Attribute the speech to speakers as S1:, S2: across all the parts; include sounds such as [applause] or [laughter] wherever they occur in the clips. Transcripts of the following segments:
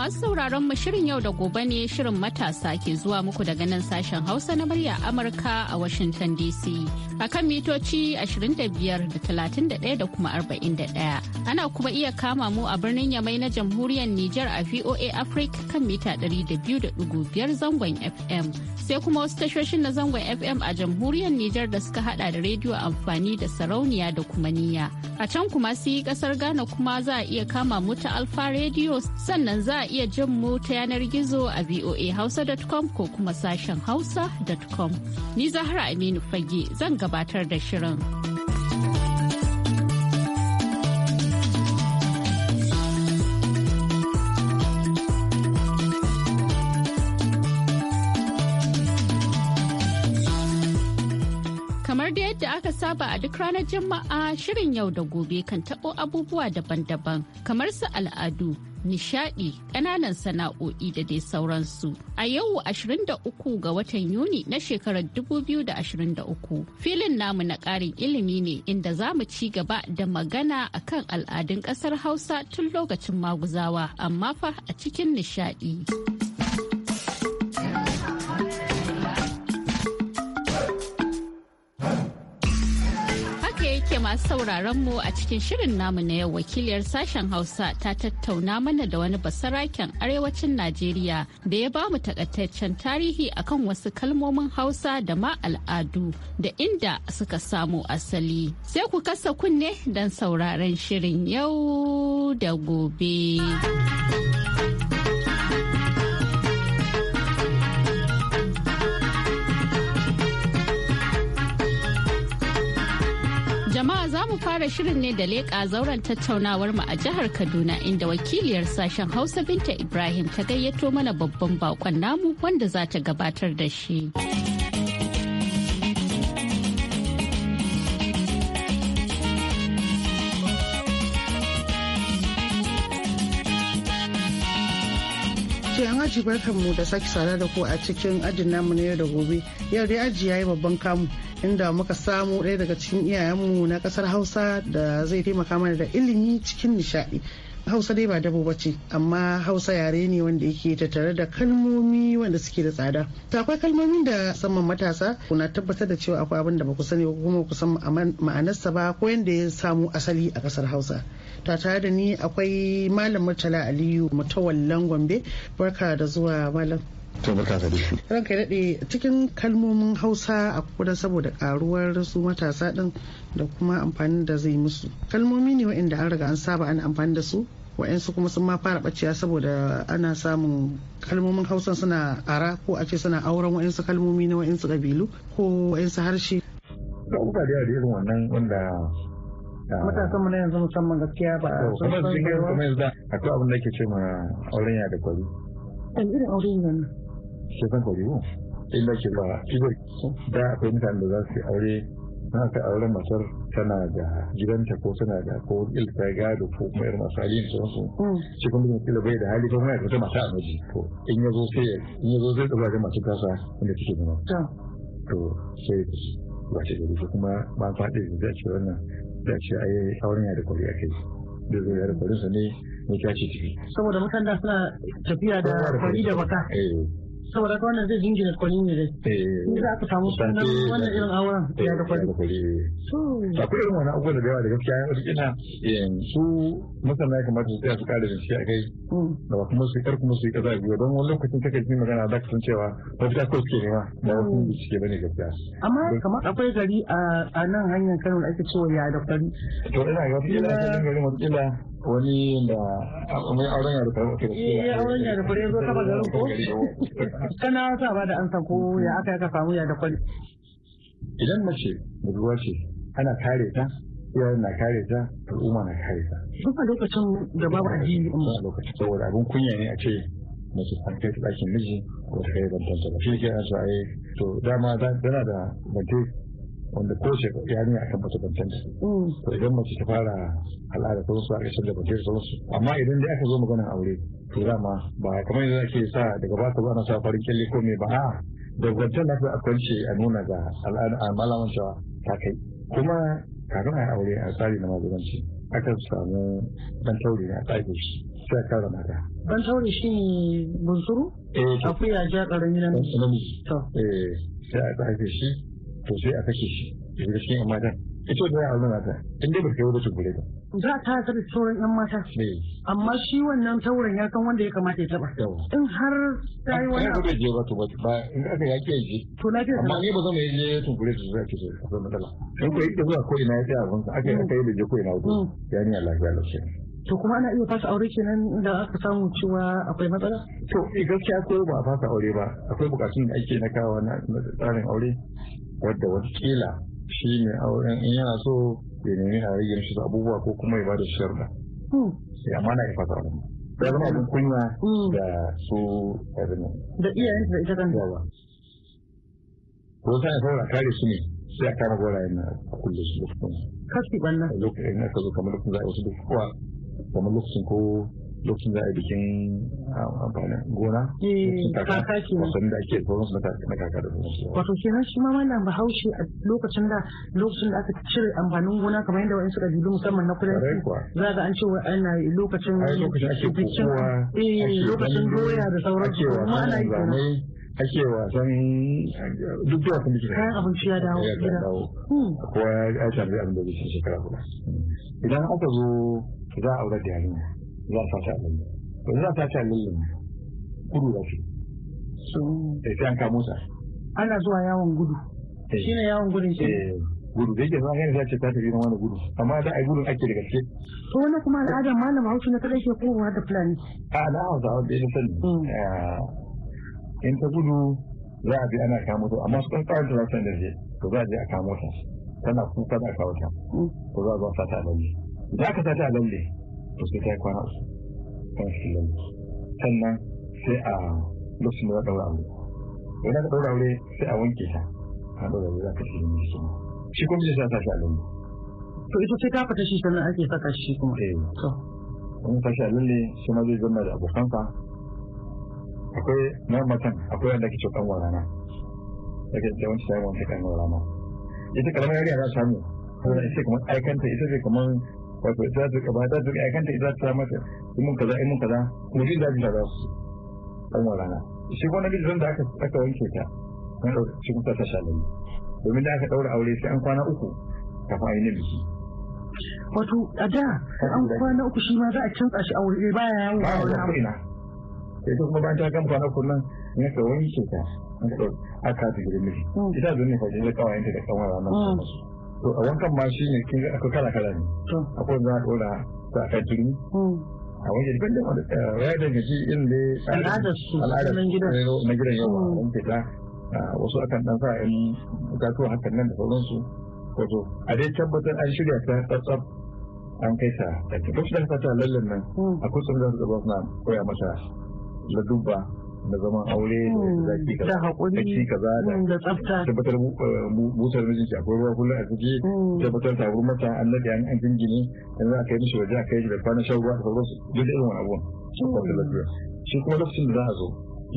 S1: masu sauraron mu shirin yau da gobe ne shirin matasa ke zuwa muku daga nan sashen Hausa na murya Amurka a Washington DC a kan mitoci 25 da 31 da kuma 41. Ana kuma iya kama mu a birnin Yamai na jamhuriyar Nijar a VOA Africa kan mita 200.5 zangon FM sai kuma wasu tashoshin na zangon FM a jamhuriyar Nijar da suka hada da rediyo amfani da sarauniya da kuma niyya A can kuma su yi kasar Ghana kuma za a iya kama mu ta Alfa rediyo sannan za a iya jin mu ta yanar gizo a voa Hausa.com ko kuma sashen hausa.com. Ni Zahra Aminu Fage zan gabatar da shirin. saba a duk ranar jima'a shirin yau da gobe kan taɓo abubuwa daban-daban kamar su al'adu, nishadi, ƙananan sana'o'i da dai sauransu. A yau 23 ga watan Yuni na shekarar 2023 filin namu na ƙarin ilimi ne inda za mu ci gaba da magana akan al'adun ƙasar Hausa tun lokacin maguzawa amma fa a cikin nishadi. masu sauraron mu a cikin shirin namu na yau wakiliyar sashen Hausa ta tattauna mana da wani basaraken arewacin Najeriya da ya bamu takaitaccen tarihi akan wasu kalmomin Hausa da ma al'adu da inda suka samu asali. Sai ku kasa kunne don sauraron shirin yau da gobe. za mu fara shirin ne da leƙa zauren tattaunawar mu a jihar Kaduna inda wakiliyar sashen Hausa Binta Ibrahim ta gayyato mana babban bakon namu wanda za ta gabatar da shi.
S2: ji mu da sake sada da ku a cikin ajin namu na yau da gobe. Yau dai aji ya yi babban kamu inda muka samu ɗaya daga cikin iyayenmu na ƙasar Hausa da zai taimaka mana da ilimi cikin nishaɗi. hausa dai ba dabo ba ce amma hausa yare ne wanda yake tare da kalmomi wanda suke da tsada ta akwai kalmomin da saman matasa kuna tabbatar da cewa akwai abin da ba ku sani ba kuma ku san ma'anarsa ba ko yanda ya samu asali a kasar hausa ta tare da ni akwai malam murtala aliyu mutawallan gombe barka da zuwa malam to barka da shi ranka daɗe cikin kalmomin hausa a kuda saboda karuwar su matasa ɗin da kuma amfani da zai musu kalmomi ne waɗanda an riga an saba ana amfani da su waɗansu kuma sun ma fara ɓaciya saboda ana samun kalmomin hausa suna ara ko a ce suna auren waɗansu kalmomi na waɗansu ƙabilu ko waɗansu harshe da uba da irin wannan wanda ah, matasanmu na yanzu musamman gaskiya ba a sun san da
S3: to abin da ke ce ma auren ya da kwari
S2: an irin auren yanzu
S3: ke san in inda ke ba ido da akwai mutane da za su aure na ta aure matar tana da gidanta ko tana da ko ilta gado ko kuma irin masu hali da sauransu mm. shi kuma mutum kila bai da hali ko kuma ya mata a maji to in ya zo sai in ya zo zai ɗaura ga masu kasa inda take zama to sai ba ta gari kuma ba faɗi da zai ce wannan da ce ai auren ya da kwari a kai da zai ya da kwarinsa ne ya tashi ciki
S2: saboda mutane suna tafiya da kwari da baka eh. saboda ka wannan zai jingina kwari ne dai eh. ni za ka samu sunan wannan irin auren eh, ya da
S3: kwari akwai irin wani abubuwan da yawa da gaskiya ya wasu ina eh, su masana ya kamata su tsaya su kare shi a kai mm. da ba kuma su yi kuma su yi kaza biyu don wani lokacin take yi magana za ka san cewa mafita ko suke nema da wasu bincike ba ne gaskiya.
S2: amma kamar akwai gari a nan hanyar kano da ake cewa ya da kwari. to ina ga wasu ina garin wasu ina wani da
S3: mai auren ya da kwari. iya auren ya da kwari ya zo kaba garin ko.
S2: kana wata ba da ansa ko mm-hmm. ya aka aka samu ya da kwali
S3: idan mace ruwa ce ana kare ta iyayen na kare ta al'umma na kare ta
S2: duk a lokacin da babu addini
S3: a lokacin saboda abin kunya ne a ce mace an kai ta ɗakin miji ko ta kai bantan ba shi ke ana so a yi to dama tana da mace wanda ko shi ya ne akan mace bantanta mm. to idan mace ta fara al'ada ko su a ƙarshen da bantanta ta amma idan dai aka zo maganar aure to dama ba kamar yadda ake sa daga ba ta zana sa farin kyalle ko me ba a da gwantar da a kwance a nuna ga al'ada a malaman shawa ta kai kuma kafin a aure a tsari na mazuranci akan samu dan taure a tsari shi sai kara mata
S2: dan taure shi ne bunsuru eh, akwai ya ja karami na
S3: namiji to eh sai a tsari shi to sai a kashe shi ya shiga cikin matan ita da ya aure ta in dai ba da wani tumbure ba
S2: za ta ta da sauran yan mata amma shi wannan tauren ya san wanda ya kamata ya taba in har ta yi wani abu
S3: da ba to ba in aka ya ke ji to na ke amma ni ba zan yi ya tun tumbure su zaki so akwai matsala in ko yake zuwa koyi na ya tsaya abin ka aka aka yi da je koyi na wuce mm. ya ni Allah ya lafiya
S2: to kuma ana iya fasa aure kenan da aka samu cewa akwai matsala
S3: to eh, gaskiya ko ba a fasa aure ba akwai bukatun da ake na kawo na tsarin aure wadda watakila shi ne auren in yana so ya nemi a rage abubuwa ko kuma ya bada sharuɗa. Ya mana ya fasa wani. Ya zama abin kunya da su abin
S2: Da iyayen da ita kan zaba.
S3: Ko sai saura kare su ne sai a kama gora yana a kulle su da kuma. Kasi ɓanna. Lokacin ya kazo kamar lokacin za a wasu da kuwa kamar lokacin ko lokacin da a yi bikin ah, amfanin gona
S2: eh, wasannin da ake sauran
S3: su na kaka da sauransu.
S2: Wato kenan shi ma wannan bahaushe a lokacin da lokacin da aka cire amfanin gona kamar yadda wa'insu ƙabilu musamman na kudanci za ga an ce wa ana lokacin bikin eh, lokacin doya da sauransu kuma ana yi kenan. ake wasan duk da wasan bikin kayan abinci ya dawo ya dawo hmm. kowa
S3: ya tambayi abin da zai shekara kuma idan aka zo za a aurar da yarinya za a sha lullu ba za a sha lullu gudu da su da eh, sai an kamo sa ana zuwa yawon gudu eh. shi ne yawon gudun shi eh, gudu da yake za ka za ce ta tafi wani gudu amma za a yi gudun ake da gaske
S2: to wani kuma al'adar malam hausa na kadai ke
S3: kowa da fulani a na hausa wanda ya sani mm. in ta gudu za a bi ana kamo to amma su kan tsawon da rasan da zai to za a je a kamo ta tana kuka da kawo ta mm. ko za a zo sata a lalle Za ka sata a lalle to sai ta yi kwana uku ta shi sannan sai a lokacin da za ɗaura aure idan ka ɗaura aure sai a wanke ta a ɗaura aure za ka shi ne shi shi kuma sai sa shi a lungu to ita sai ta fita shi sannan ake saka shi kuma eh to wani sashi a lalle shi ma zai zama da abokansa akwai na matan akwai wanda ake cokan kanwa rana daga yawanci ta yi wanda kanwa rana ita kalamar yariya za ta samu saboda ita kamar aikanta ita ce kamar wato ita ta ba ta ta aikanta ita ta mata in kaza imun kaza kuma shi zai kaza su kan rana shi ko namiji zan da aka aka wanke ta kan dauki shi kuma ta shalali domin da aka daura aure sai an kwana uku kafin fa yi na biki
S2: wato a da an kwana uku shi ma za a canza shi aure eh, baya yawo ba wani abu ina sai to kuma ban ta kan kwana uku nan ne ka wanke ta
S3: an dauka aka ta gidan miji mm. ita zan ne fa da kawayenta da kan rana to a wankan ma shi ne kin akwai kala kala ne akwai za a dora za a kai turmi hmm. a wajen ban da eh, ya dangaci irin da al'adar su na gidan yau hmm. a fita wasu akan dan sa za gatuwa hakan nan da sauransu to a dai tabbatar an shirya ta tsatsaf an kai ta hmm. da ta kusa da ta lallan nan Akwai kusa da su zaba suna koya da ladubba na zaman aure da hmm, zaki kaza da ci kaza da hmm,
S2: tsafta tabbatar
S3: busar eh, mijinki akwai ruwa kullum a ciki hmm. tabbatar tabar mata an nade an an jingine yanzu aka yi mishi waje aka yi da kwanan shan ruwa da sauransu duk da irin wani abubuwan tabbatar shi kuma lokacin da za a zo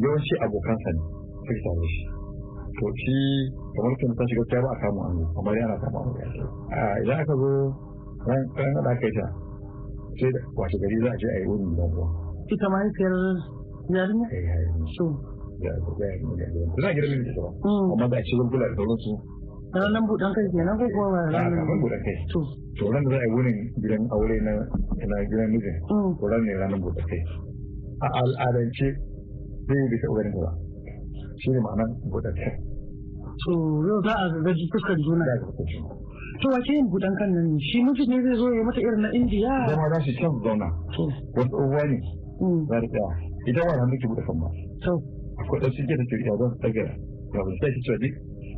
S3: yawanci abokansa ne sai tare shi to shi kamar kin ta shiga ba a samu an zo amma dai ana samu an zo idan aka zo ran ɗan da aka yi ta sai da wace gari za a je a yi wurin da ruwa
S2: ita ma yarinya so
S3: za a gidan da ba hmm. amma da a cikin kula da sauransu
S2: ranar buɗan kai kenan ko kuma ranar ranar buɗan
S3: kai to to ran da za a wurin gidan aure na na gidan mijin hmm. to ne ranar buɗan kai a al'adance zai yi bisa ƙoƙarin ba shi ne ma'anar buɗan kai
S2: to yau za a gaji fuskar juna to wace yin buɗan kan nan shi mijin ne zai zo ya mata irin na indiya
S3: zama za su can zauna wasu uwa ne ta hmm. idan wani hannun ke bude kan to akwai ɗan cikin da kirkiya zan daga ya ba sai ki ce duk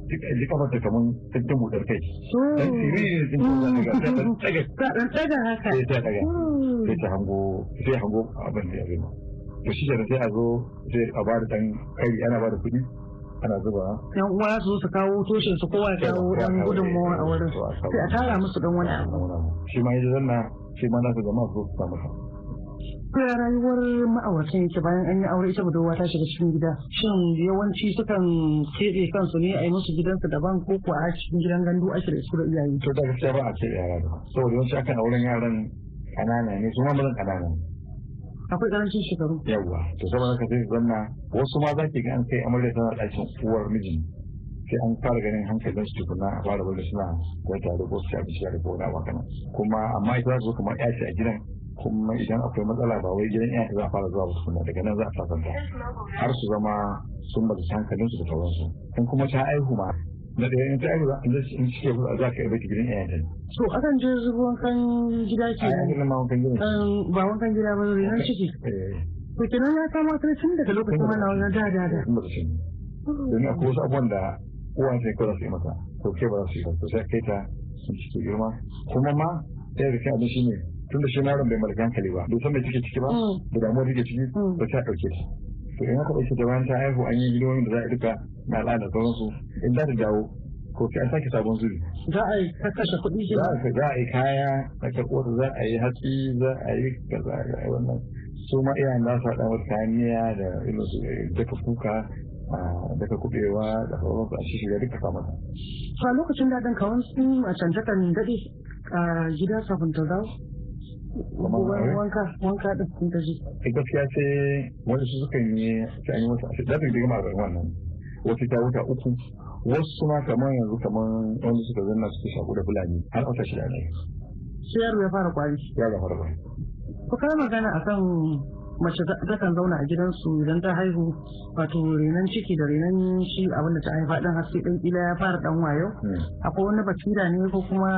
S3: duk kamar da kamar tantan buɗar kai
S2: dan siriri
S3: din da zan daga
S2: ta dan [laughs] ta haka sai ta daga hmm. sai ta
S3: hango sai hango abin da ya rima to shi da sai a zo sai a ba da dan kai ana ba da kuɗi ana zuba
S2: yan uwa su su kawo toshin su kowa ya kawo dan gudunmawa a wurin sai a tara musu dan wani abu
S3: shi ma yaji zanna shi ma na su jama'a su samu
S2: Ya rayuwar ma'auratan yake bayan an yi aure ita budurwa ta shiga cikin gida. Shin yawanci sukan keɓe kansu ne a yi musu gidansu daban ko kuwa a cikin gidan gandu ake da su da iyaye. To da
S3: gaskiya ba a ce yara ba. Saboda yawanci akan auren yaran ƙanana ne su ma mazan ƙanana akwai karancin shekaru. Yawwa, to saboda ka sai zanna wasu ma za ki ga an kai amarya tana ɗakin uwar mijin. Sai an fara ganin hankalin su tukuna a fara bari suna ko tare ko su ci abinci da ko wani abu Kuma amma ita za su zo kamar ƴaci a gidan kuma idan akwai matsala ba wai gidan yanka za a fara zuwa ba suna daga nan za a sasanta har su zama sun bata hankalin su da sauransu in kuma ta aihu ma na ɗaya yayin ta aihu za in cike ku za ka yi gidan iyayen ta
S2: so akan je wankan gida ke ba wankan gida ba wankan gida ba zai nan ciki eh. to kenan ya kama ta cin daga lokacin wannan wannan da da da akwai wasu abubuwan
S3: da uwan sai kawai su yi mata ko ke ba za su yi ba to sai kai ta sun ci girma kuma ma ɗaya da rikin abin shi ne tun da shi yaron bai mallaki hankali ba bai san me take ciki ba mm. da damuwa take ciki ba mm. ta ɗauke ta to in aka dauke da bayan ta haihu an yi hidimomin da za a duka na al'ada su in za ta dawo ko ki an sake sabon zubi. Za a yi kashe kuɗi shi Za a yi kaya, a karɓo za a yi hatsi, za a yi kaza a wannan. Su ma iyayen za su haɗa wata kayan miya da irin su eh, daga kuka daga kuɓewa da sauran su a shi shiga duka kamar.
S2: Fa lokacin daɗin kawon sun a canjakan daɗe a gida sabon ta dawo? wanka wanka din kun kaji
S3: eh, gaskiya ce wani su suka yi sai an yi masa da da gama da wannan wasu ta wuta uku wasu ma kamar yanzu kamar wanda suka zanna suke shaku da fulani har wata shida ne sai yaro ya fara kwari ya fara kwari
S2: ko kana magana akan mace takan zauna a gidansu idan ta haihu wato renan ciki da renan shi abin da ta haifa din har sai dan kila ya fara dan wayo hmm. akwai wani basira ne ko kuma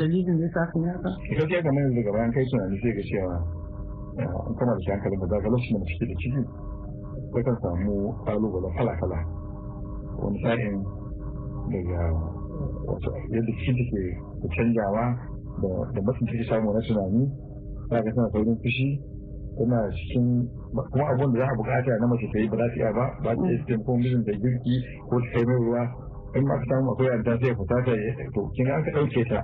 S2: dalilin da yasa haka ne ke
S3: gaskiya kamar yanzu gaba an kai tunani sai ga cewa an kana da shankali ba za ka lokacin da mace da ciki ko ta samu kalubalen kala-kala wani sa'in daga wato yadda cikin take canjawa da masu ciki samu na tunani za ka tana saurin fushi tana cikin kuma abin da za a bukata na mace ta yi ba za ta iya ba ba ta iya ko mijin da girki ko ta kai mai ruwa in ma samu akwai yadda zai fita ta to kin an ka ɗauke ta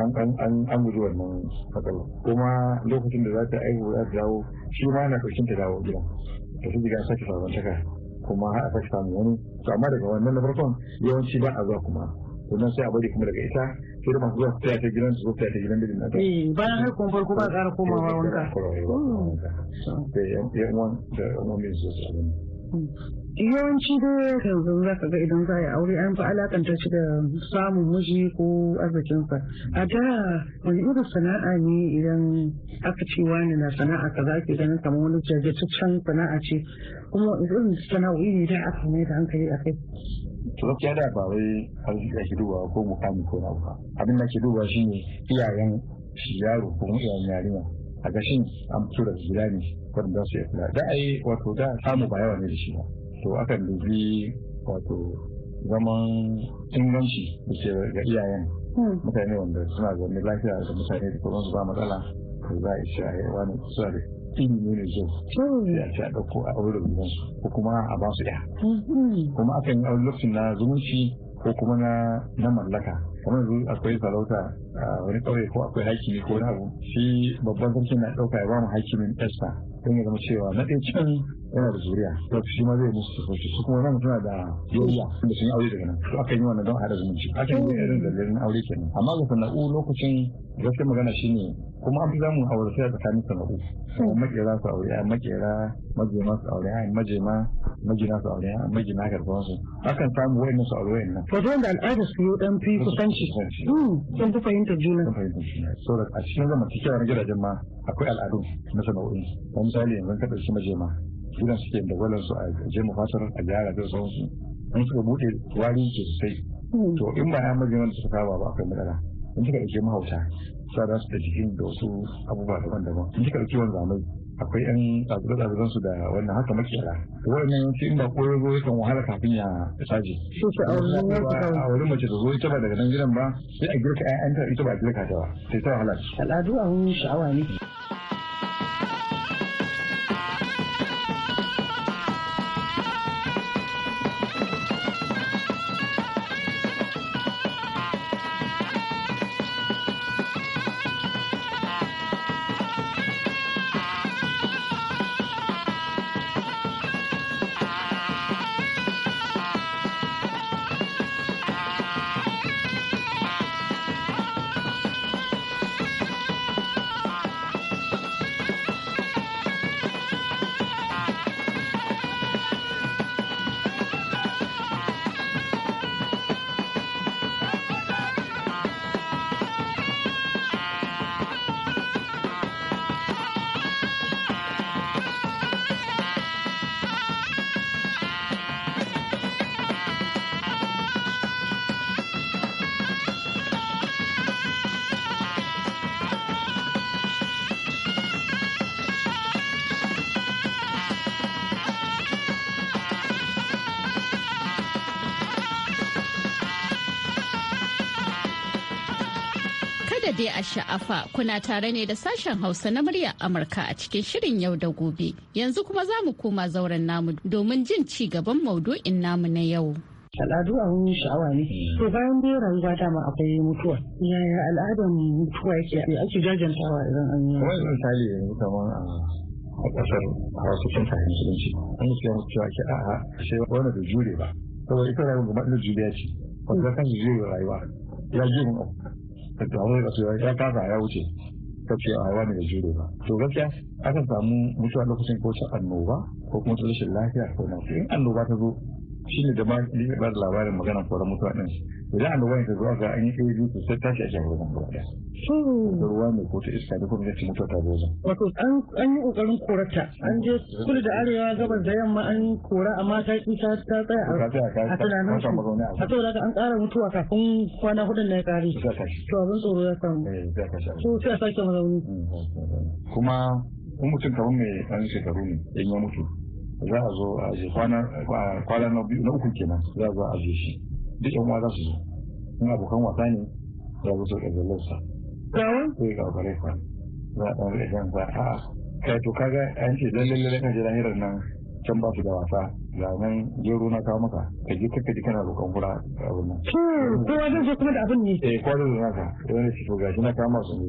S3: an an an an guji wannan matsalar kuma lokacin da za ta aihu za ta dawo shi ma na ƙarshen ta dawo gida ta fi gidan sake sabon taka kuma a sake samu wani to amma daga wannan na farkon yawanci ba a zuwa kuma sannan sai a bari kuma daga ita sai da zuwa ta ta gidan su ta ta gidan da dinna ta
S2: eh, bayan har kuma farko ba eh, ƙara komawa wanka hmm.
S3: da yan uwan da uwan mai zuwa
S2: yawanci da yanzu za ka ga idan za a yi aure an fi alakanta shi da samun miji ko arzikinsa a da wani irin sana'a ne idan aka ce wani na sana'a ka za ke ganin kamar wani jajjacaccen sana'a ce kuma irin sana'o'i ne da aka mai da hankali a kai
S3: to gaskiya da ba wai arziki ake dubawa ko mukami ko na ba abin da ke duba shine iyayen shi yaro ko iyayen yarinya a ga gashin an fito daga gida ne wanda za su yi kula da ai wato da samu ba yawa ne da shi ba to akan dubi wato zaman inganci da ke ga iyayen hmm. mutane wanda suna zaune lafiya da mutane da kuma su ba matsala to za a yi isa wani suna da iri ne dako ya ta ɗauko a wurin nan ko kuma a ba su ɗaya kuma akan yi lokacin na zumunci ko kuma na mallaka kamar yanzu akwai farauta a ah, wani kawai ko akwai ne ko wani abu shi babban sarki na ɗauka ya ba mu min esta don ya zama cewa na ɗaya cikin yana da zuriya to shi ma zai musu sauki su kuma zan tuna da yoya da sun aure daga nan to aka yi wannan don haɗa zumunci aka yi irin zallerin aure kenan amma ga sana'u lokacin gaskiyar magana shi ne. kuma an fi samun aure sai a tsakanin sana'u makera su aure a makera majema su aure a majema majina su aure a magina karfan su akan samu wayannan su aure wayannan to da al'adar su yi ɗan fi kusanci sun hmm, fi fahimtar juna fahimtar juna saboda a cikin zama na gidajen ma akwai al'adu na sana'o'in wani misali yanzu ka ɗauki majema gidan suke da su a je mu fasar a gyara da sauransu in suka buɗe wari sosai
S2: hmm. to in ba
S3: ya majiman da suka kawo ba akwai matsala in suka ɗauki mahauta sa za su da jikin da wasu abubuwa daban-daban in suka ɗauki wanzamai akwai yan tsazirran su da wannan haka makera wannan yanki inda koyo zo yakan wahala kafin ya saje a wurin mace da zo ita ba daga nan gidan ba sai a girka 'ya'yanta ita ba a girka ta ba sai ta wahala al'adu a sha'awa ne
S1: dai a sha'afa kuna tare ne da sashen hausa na murya amurka a cikin shirin yau da gobe yanzu kuma za mu koma zauren namu domin jin ci gaban maudu'in namu na yau al'adu a wurin sha'awa ne to bayan dai rayuwa dama
S2: akwai mutuwa yaya al'adar mutuwa yake ake jajantawa idan an yi wani misali
S3: yanzu kamar a kasar hausa sun fahimci musulunci an yi cewa mutuwa ke a'a sai wani da jure ba saboda ita rayuwa gaba ɗaya juriya ce wanda kan jure rayuwa ya jure mun ka samu ka ya ya a ya wuce ka ce a wani da jure ba to gaskiya akan samu mutuwa lokacin ko ta annoba ko kuma ta rashin lafiya ko na in annoba ta zo shine da ma ba labarin magana ko mutuwa din za a lura da zuwa ga an yi kai biyu to ta tashi a jan ruwan gaba
S2: da
S3: ruwa mai ko ta iska da kuma ta mutu ta bozo
S2: wato an yi ƙoƙarin korata an je kudu da arewa gabas da yamma an kora amma ta yi ta tsaya a tunanin su a saboda an ƙara mutuwa kafin kwana hudun na ya ƙare to abin tsoro ya samu eh, to sai a sake mazauni mm,
S3: kuma kun mutum kamar mai ɗan shekaru ne in ya mutu za a zo a je kwana na uku kenan za a zo a je shi duk yan za su zo in abokan wasa ne ya su zo da zallarsa ko ya kawakare sa za a ɗan rikin sa a kai to kaga an ce lalle lalle kan jira hirar nan can ba su da wasa ga nan gero na kawo maka ka ji kakka ji kana roƙon fura abin nan.
S2: ko wajen zo kuma da abin
S3: ne. eh ko wajen zo naka wani ce to gashi na kawo masu ne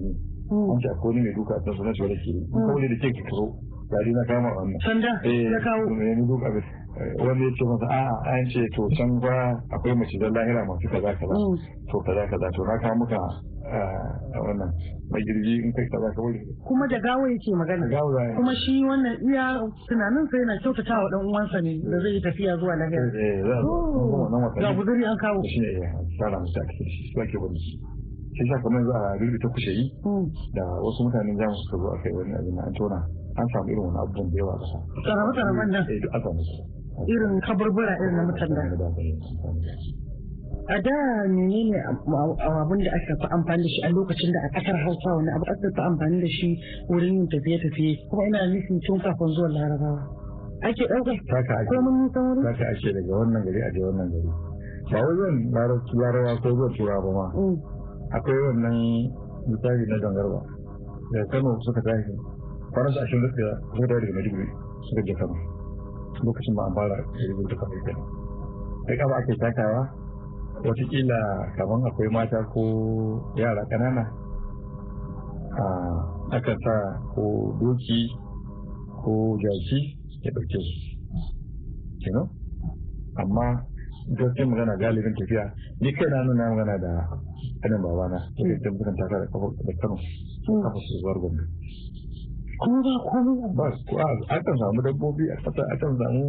S3: hmm. an ce akwai ne mai duka a tsansu na shi da ke hmm. ko da ke ki turo gari na kama wannan sanda eh, ya kawo ya ni abin wanda ce masa a an ce to can ba akwai mace zan lahira masu kaza kaza mm. to kaza kaza to na kawo muka ah, wannan magirji in kai kaza kawai
S2: kuma da gawo yake magana kuma shi wannan iya tunanin sai yana kyautata wa dan uwansa ne da zai tafiya zuwa lahira eh, eh, oh. ga guduri an kawo shi ne ya tsara musu a cikin shi sake
S3: wani sai sha kamar za a rubuta kushe yi mm. da wasu mutanen jamus suka zo a kai wani abin an tona an samu irin wani abubuwan da yawa kasa
S2: tsarabe man nan
S3: eh,
S2: irin kaburbura irin na mutane a da menene abin da aka fi amfani da shi a lokacin da a kasar hausa wani abu aka fi amfani da shi wurin yin tafiye-tafiye kuma ina nufin tun kafin zuwan larabawa ake ɗaukar komin sauri
S3: ka ake daga wannan gari a je wannan gari ba wajen larabawa ko zuwa tura ba ma mm. akwai wannan misali na Dangarwa. da kano suka tashi kwanan su ashirin da zo da daga maiduguri suka je kano lokacin ba an fara jirgin duka mai gani sai kama ake takawa watakila kamar akwai mata ko yara ƙanana akan sa ko doki ko jaki ya ɗauke su amma dokin magana galibin tafiya ni kai na nuna magana da kanin babana da yadda tabbatar da kano kafa su zuwar gwamnati
S2: Kuma ba komai
S3: ba su kowa akan samu dabbobi a kasa akan samu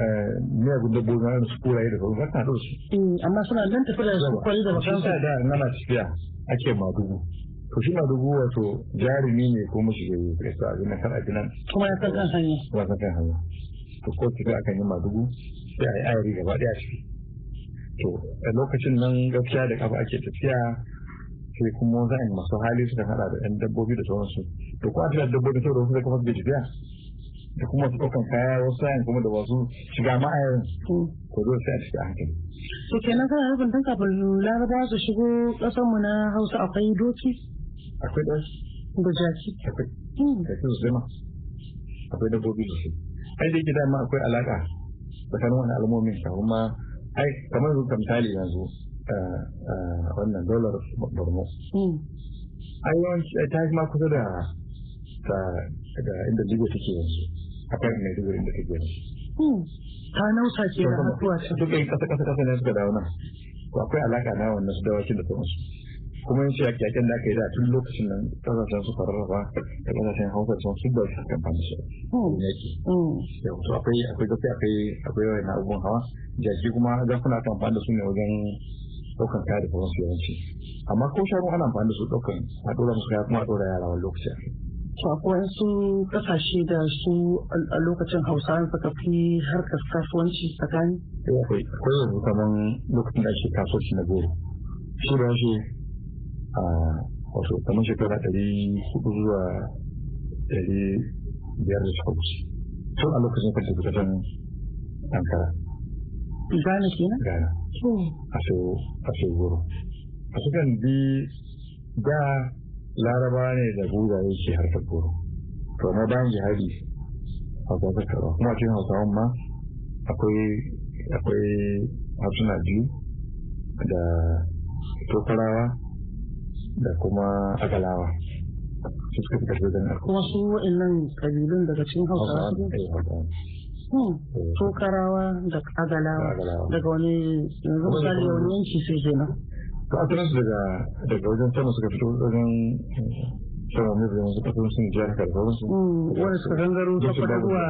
S3: eh, miyagun dabbobi na su koraye da kuma kan su. Mm, amma suna nan tafi da su kwari da makaranta. da nana tafiya ake madugu. to shi madugu wato jarumi ne ko mashi ya yi kai sa'a na abin nan. kuma ya kan kan hanya. kuma kan kan hanya. to ko tafi akan yi madugu sai a yi ayari gaba daya ciki. to a lokacin nan gaskiya da kafa ake tafiya sai kuma za'in masu hali suka hada da yan dabbobi da sauransu to kuma da dabbobi saboda wasu kuma kafa gajiya da kuma su ɗaukan kaya wasu sa'in kuma da wasu shiga ma'ayar ko zo sai a shiga hankali.
S2: to kenan kana nufin tun kafin laraba su shigo ƙasarmu na hausa akwai doki. akwai ɗan. da jaki. akwai. Hmm. da su zama.
S3: akwai dabbobi da su. ai da yake dama akwai alaƙa tsakanin wani al'ummomin ta kuma ai kamar zuka misali yanzu wannan dolar borno mm. a yawanci ta yi ma kusa da da inda jigo take yanzu a kan mai dubu inda take yanzu
S2: mm. ta nausa
S3: ke da mutuwa ta duka yi kasa kasa kasa na suka dawo nan akwai alaka na wannan su dawakin da kuma kuma yin shirya kyakken da aka yi da tun lokacin nan kasashen su fararraba da kasashen hausa sun su ba su kan fahimci yaki da wasu akwai akwai gafi akwai akwai wani abubuwan hawa jaki kuma zafuna kan fahimci su ne wajen ɗaukan kaya da sauran su yawanci
S2: amma ko shanu ana amfani da su ɗaukan a ɗora musu kaya kuma a ɗora yara wani lokaci. to akwai su kasashe da su a lokacin hausawa suka fi harkar kasuwanci tsakani.
S3: Eh, akwai yanzu kaman lokacin da ake kasuwanci na goro shi da shi a wato kaman shekara ɗari hudu zuwa ɗari biyar da suka wuce tun a lokacin kan tafi ɗan ankara Ghana kenan? Ghana. A so A sukan bi da laraba ne da ya ke harfar goro. To ba bayan jihadi a ta karo Kuma cikin hausawan ma akwai akwai harsuna biyu da tokarawa da kuma agalawa. Su suka fi karfi don
S2: Kuma su nan kabilun daga cikin hausawa su ko
S3: hmm.
S2: karawa da agalawa daga wani yanzu misali wani yanki sai kenan
S3: to a kiransu daga daga wajen tana suka fito wajen tana mai bayan suka fito sun jihar karfa su hmm. wani suka gangaro ta kwada zuwa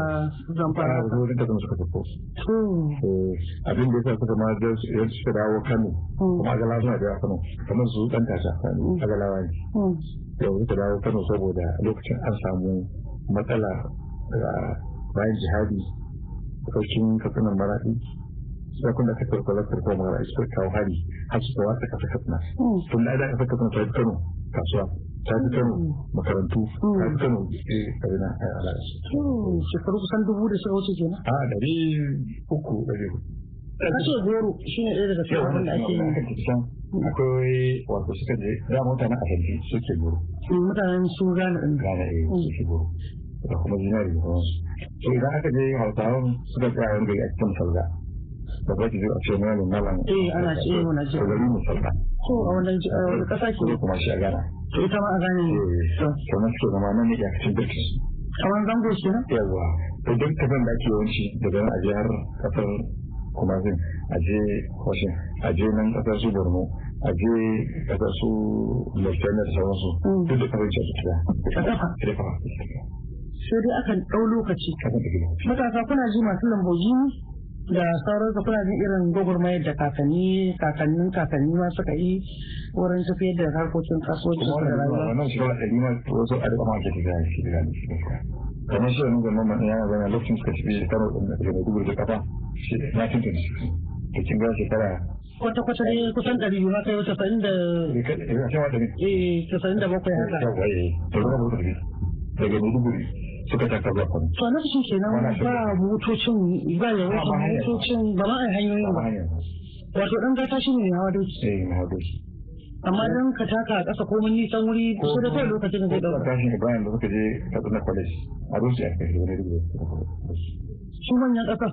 S2: zamfara ah, a wajen tana suka fito hmm.
S3: eh, abin da sa suka ma ya suka dawo kano kuma agalawa suna da kano kamar su dan tasa agalawa ne yau suka dawo kano saboda lokacin an samu matsala eh, bayan jihadi sarkin katsinan maraɗi sakon da aka kwalkwalar farko mara suka kawo hari har su tsawa ta kafa katsina hmm. tun da aka katsina ta fi kano kasuwa ta fi kano hmm. makarantu ta hmm. fi kano
S2: karina a alaƙa shekaru kusan dubu da shiga wuce kenan a ɗari uku ɗari kashe goro shi ne ɗaya daga cikin abin da ake yi da kusan akwai
S3: wato suka je da mutanen a suke goro
S2: mutanen su gane ɗin gane eh, suke goro
S3: da kuma zinari to idan aka je hausawan suka tsaya wanda ya cikin salga da ba ki zo a ce mai ne malam eh ana ce mu na salga
S2: to a wannan wani kasa ke
S3: kuma shi a gana to ma a gane to kuma suke a cikin birki kamar zango shi na yawa to duk kafin da ake daga nan a jihar kuma zin su borno a su sauransu duk da kafin shi a tafiya da kafa
S2: sai dai akan ɗau lokaci matasa kuna ji masu lambogi da sauran su kuna jin irin gwagwarmaya da kakanni kakannin kakanni ma suka yi wurin tafiyar da harkokin kasuwanci da rayuwa wannan shi wa ɗari
S3: ma wasu a rika mace da gani shi da gani shi kamar shi wani gwamnan mana yana zana lokacin suka shi biyu karo da dubu da kafa shi na cin ta da cin gawa shekara
S2: kwata-kwata dai kusan ɗari biyu haka yau tasa'in da eh tasa'in da bakwai haka eh, daga maiduguri suka taka ba to shi kenan ba motocin ba ya wato motocin ba ma hanyoyin ba wato ɗan gata shi ne hawa doki eh hawa doki amma ɗan ka taka a ƙasa komin nisan wuri ko da lokacin da zai shi
S3: ne bayan da je Katsina College a a wani
S2: su manyan ƙasa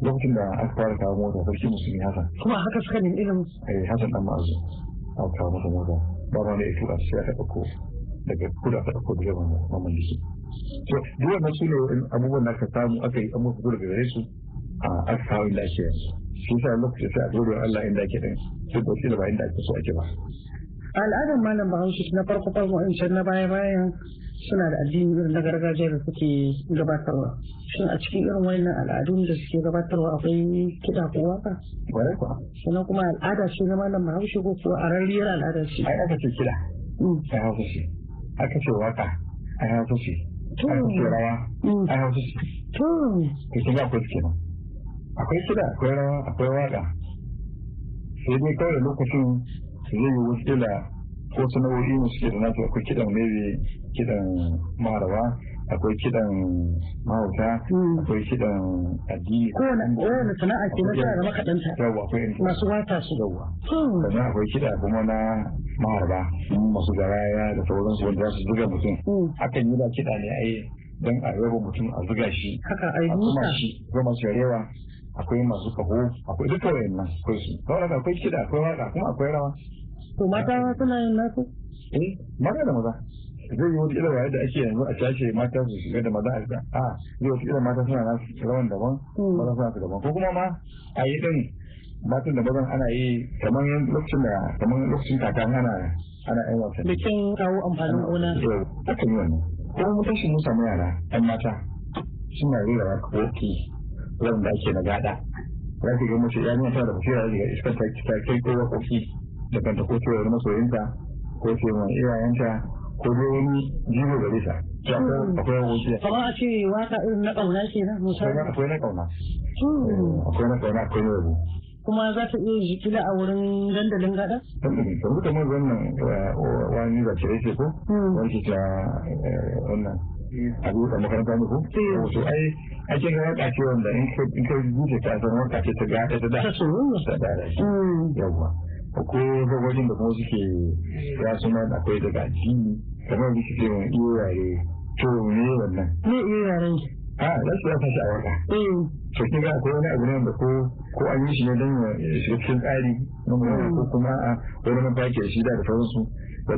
S3: da aka fara kawo mota sarki musulmi haka
S2: kuma haka suka nemi ilimin
S3: eh hasan ɗan ma'azu aka kawo mota ba ma ne ito a siya ta ɗauko. daga kudu aka dauko direban mamalliki duk wannan su ne abubuwan da aka samu aka yi amma kuma daga gare su a aka kawo inda ake yanzu shi sa lokacin sai a dole Allah inda ake din duk da shi da ba inda ake so ake
S2: ba al'adar malam bahaushe na farko farko in can na baya bayan suna da addini irin na gargajiya da suke gabatarwa shin a cikin irin wannan al'adun da suke gabatarwa akwai kiɗa ko waka sannan kuma al'ada ce na malam bahaushe ko kuwa a rarriyar al'ada ce ai aka ce kiɗa mm.
S3: a hausa ce aka ce waka a hausa ce an mm. hausa akwai su akwai kiɗa akwai rawa akwai waƙa sai dai kawai lokacin zai yi wasu kila ko sana'o'i ne suke da nasu akwai kiɗan maybe kiɗan marawa akwai kiɗan mahauta hmm. akwai kiɗan addini na sana'a ke sa yara makaɗanta yawa akwai masu wata su yawa hmm. sannan akwai kiɗa kuma na maharba masu garaya da sauransu wanda su zuga mutum hmm. akan yi da kiɗa ne ai don a raba mutum a zuga shi a kuma shi goma su yarewa akwai masu kaho akwai duka wayannan akwai su akwai kiɗa akwai waka kuma akwai rawa to mata suna yin nasu eh mata da maza zai yi wata wa yadda ake yanzu a tashi mata su shiga da maza a shiga a zai wata irin mata suna nasu rawan daban hmm. maza suna su daban ko kuma ma a yi din matan da mazan ana yi kamar lokacin da kamar lokacin kaka ana ana yin wasa
S2: bikin kawo amfanin gona
S3: a eh, kan yi wannan kuma mun tashi mun samu yara ɗan mata suna da waka woki da ake na gada za ki ga mace ya nuna tana da basira da iskar ta kai ko wakoki da kanta ko ce wani masoyinta ko ce wani iyayenta ko dai wani jibo gare ta ya hmm.
S2: akwai wani kamar a ce waka irin na kauna ke nan misali akwai na kauna akwai na kauna hmm. akwai na yabo kuma za ta iya jikila a wurin dandalin gada? Ka
S3: rubuta mun wannan eh, wani ba ce yake ko? Hmm. Wani ta eh, wannan a rubuta makaranta ne ko? Eh. Wato ai ake ga waka ce wanda in ka rubuta ta san waka ce ta gata ta da. Ta soyayya. Ta da. Yawwa. akwai gagwajin da kuma suke ya suna akwai daga addini kamar da suke wani to ne wannan ne iyayen a ah, za su ya fashi a wata eh. to kin ga akwai wani abu ne da ko ko an yi shi ne don cikin tsari ko kuma a wani mataki da shi da sauransu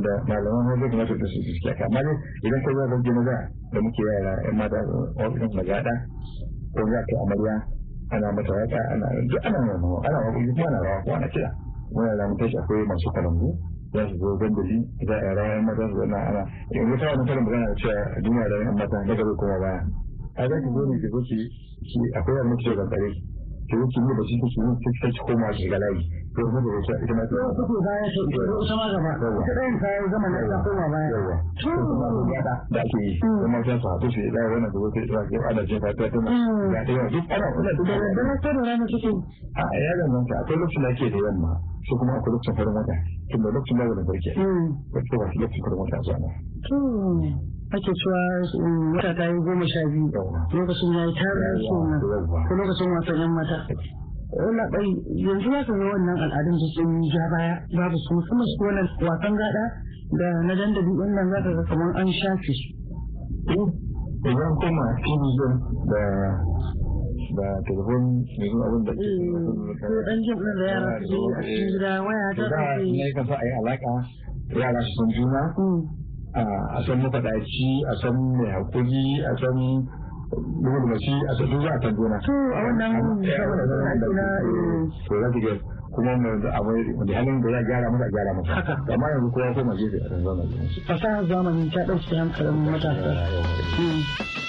S3: da malaman hajji kuma su su su kyaka amma dai idan ka zo ga gina za da muke yara yan mata ofishin magada ko za ka amarya ana mata wata ana duk ana ana kuma ana rawa ko ana kira wani ranar tashi akwai masu kalambu za su zo shi za a rayar mata su zana ana in wata wani karin magana zana cewa a duniya da yan mata daga bai kuma baya a za ki zo ne ki zo ki akwai wani mutu da kankare ki zo ki yi ba shi ki zo ki koma ki ga layi domin da ya ita ma ta yawa kuku
S2: ita ma gaba ita ɗayan ta yi zama na koma baya yawa to kuma da
S3: ake yi kuma mm. sai su haɗu su yi ɗaya wannan gobe da yawa da da ya danganta da ake da da
S2: mm. ake cewa mm, wata ta yi goma sha biyu lokacin ya yi tara su na lokacin wasannin mata. wala bai yanzu ya kaga wannan al'adun da sun ja baya babu su musamman su wannan wasan gada da na dandali wannan za ka ga kamar an shafe su. Eh, idan kuma television
S3: da da telefon mai abin da ke dan eh,
S2: jin da yara su a cikin gida waya ta kafe. Ne ka
S3: so a yi alaka yara su san juna. Mm. A san mafaɗaci, a san mai hakuri, a san dubu da shi a sassu za a tangona. a wannan shawarar da na eh, eh. kuma abu da halin da za a gyara masa gyara masa amma yanzu kowa koma gefe a kan
S2: fasahar zamani ta ɗauki hankalin matasa hmm.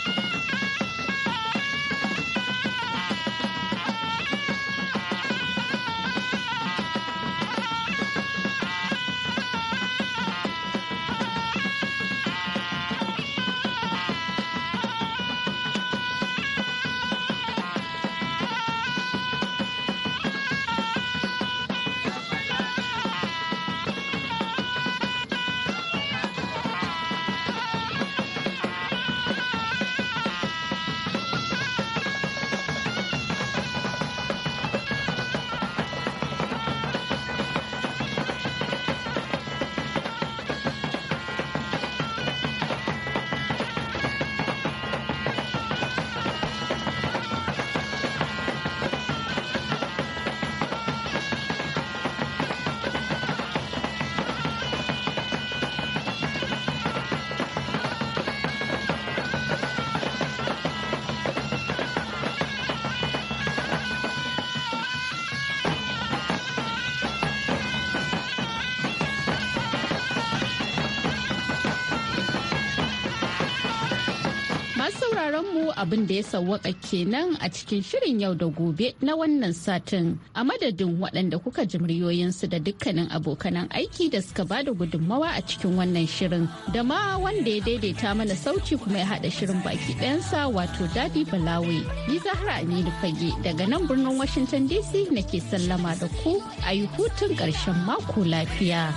S1: abin da ya sauwaka kenan a cikin shirin yau da gobe na wannan satin a madadin waɗanda kuka ji muryoyinsu da dukkanin abokanan aiki da suka ba da gudunmawa a cikin wannan shirin da ma wanda ya daidaita mana sauci kuma ya haɗa shirin baki ɗayansa wato dadi balawe ni zahra aminu fage daga nan birnin washington dc nake sallama da ku a yi hutun ƙarshen mako lafiya.